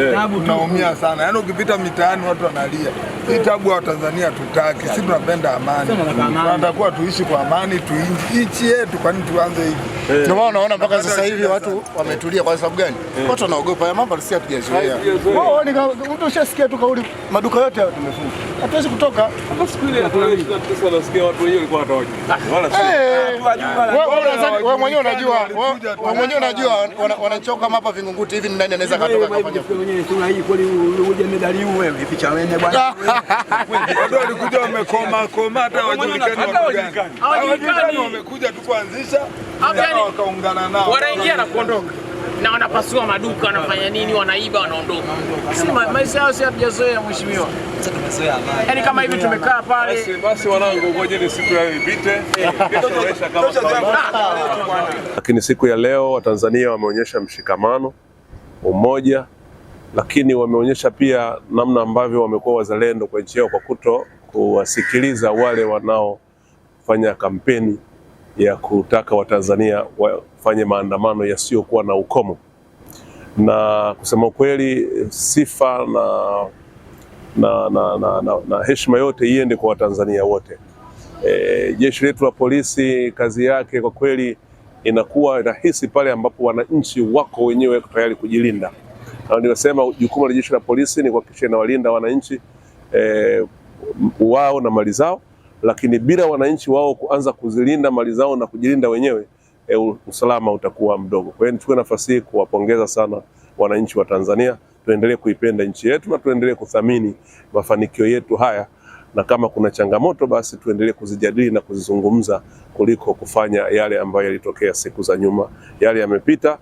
yeah. Tunaumia sana yaani, ukipita mitaani watu wanalia hii tabu ya Watanzania tutaki si tunapenda amani, tunatakiwa tuishi kwa amani, tuinji nchi yetu, kwani tuanze hivi Eh. Ndio maana unaona mpaka sasa hivi watu wametulia. Kwa sababu gani? Eh. Watu wanaogopa ya mambo, sisi hatujazoea. Mtu ushasikia tu kauli, maduka yote tumefunga, hatuwezi kutoka. Wewe mwenyewe unajua, wewe mwenyewe unajua wananchi kama Vingunguti hivi, ni nani anaweza katoka kafanya wamekoma koma, hata hawajulikani, wamekuja tu kuanzisha wakaungana nao, wanaingia na kuondoka na wanapasua maduka, wanafanya nini, wanaiba, wanaondoka. Si maisha yao, si hatujazoea mheshimiwa. Yaani kama hivi tumekaa pale. Basi wanangu, ngojeni siku yao ipite. Eh. Lakini siku ya leo Watanzania wameonyesha mshikamano, umoja, lakini wameonyesha pia namna ambavyo wamekuwa wazalendo kwa nchi yao kwa kuto kuwasikiliza wale wanaofanya kampeni ya kutaka Watanzania wafanye maandamano yasiyokuwa na ukomo, na kusema kweli sifa na, na, na, na, na, na heshima yote iende kwa Watanzania wote. E, jeshi letu la polisi kazi yake kwa kweli inakuwa rahisi pale ambapo wananchi wako wenyewe tayari kujilinda, na nimesema jukumu la jeshi la polisi ni kuhakikisha inawalinda wananchi e, wao na mali zao lakini bila wananchi wao kuanza kuzilinda mali zao na kujilinda wenyewe e, usalama utakuwa mdogo. Kwa hiyo nichukue nafasi hii kuwapongeza sana wananchi wa Tanzania, tuendelee kuipenda nchi yetu na tuendelee kuthamini mafanikio yetu haya, na kama kuna changamoto basi tuendelee kuzijadili na kuzizungumza kuliko kufanya yale ambayo yalitokea siku za nyuma. Yale yamepita,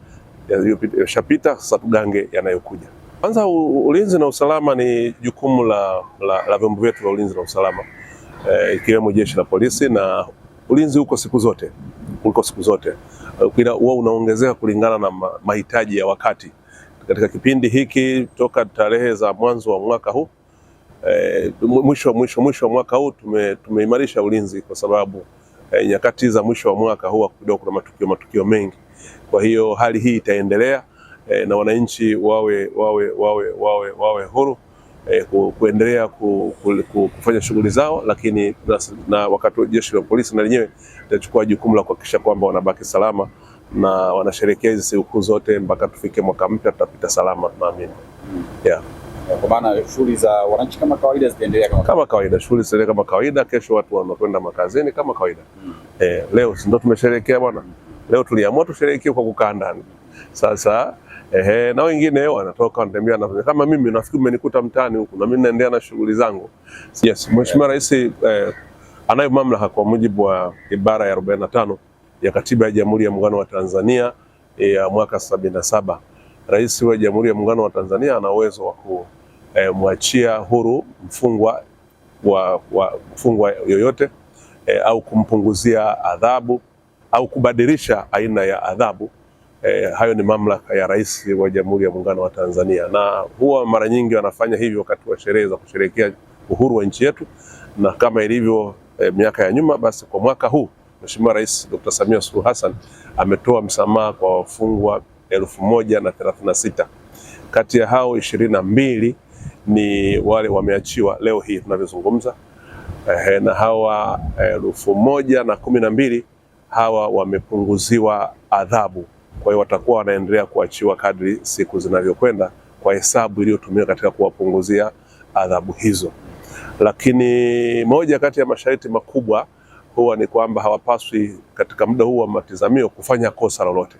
yashapita, sasa tugange yanayokuja. Kwanza, ulinzi na usalama ni jukumu la, la, la vyombo vyetu vya ulinzi na usalama. Eh, ikiwemo jeshi la polisi na ulinzi uko siku zote, uko siku zote eh, huwa unaongezeka kulingana na mahitaji ya wakati. Katika kipindi hiki toka tarehe za mwanzo wa mwaka huu eh, mwisho mwisho mwisho wa mwaka huu tume, tumeimarisha ulinzi kwa sababu eh, nyakati za mwisho wa mwaka huu kidogo kuna matukio matukio mengi. Kwa hiyo hali hii itaendelea eh, na wananchi wawe, wawe, wawe, wawe, wawe huru eh, ku, kuendelea ku, ku, ku, kufanya shughuli zao, lakini na, na wakati jeshi la polisi na lenyewe litachukua jukumu la kuhakikisha kwamba wanabaki salama na wanasherehekea hizi sikukuu zote mpaka tufike mwaka mpya, tutapita salama tunaamini. hmm. yeah. Eh, kwa maana shughuli za wananchi kama kawaida zitaendelea kama, kama kawaida, shughuli zitaendelea kama kawaida. Kesho watu wanakwenda makazini kama kawaida. hmm. Eh, leo ndio tumesherehekea bwana. Hmm. Leo tuliamua tusherehekee kwa kukaa ndani. Sasa ehe, na wengine wanatoka wanatembea na kama mimi, nafikiri mmenikuta mtaani huku na mimi naendelea na shughuli zangu. Yes, Mheshimiwa Rais eh, anayo mamlaka kwa mujibu wa ibara ya 45 ya Katiba ya Jamhuri ya Muungano wa Tanzania eh, ya mwaka 77. saba. Rais wa Jamhuri ya Muungano wa Tanzania ana uwezo wa kumwachia eh, huru mfungwa wa, wa mfungwa yoyote eh, au kumpunguzia adhabu au kubadilisha aina ya adhabu Eh, hayo ni mamlaka ya Rais wa Jamhuri ya Muungano wa Tanzania, na huwa mara nyingi wanafanya hivyo wakati wa sherehe za kusherehekea uhuru wa nchi yetu, na kama ilivyo eh, miaka ya nyuma, basi kwa mwaka huu Mheshimiwa Rais Dr. Samia Suluhu Hassan ametoa msamaha kwa wafungwa elfu moja na thelathini na sita kati ya hao ishirini na mbili ni wale wameachiwa leo hii tunavyozungumza, eh, na hawa elfu moja na kumi na mbili hawa wamepunguziwa adhabu kwa hiyo watakuwa wanaendelea kuachiwa kadri siku zinavyokwenda kwa hesabu iliyotumika katika kuwapunguzia adhabu hizo. Lakini moja kati ya masharti makubwa huwa ni kwamba hawapaswi katika muda huu wa matizamio kufanya kosa lolote.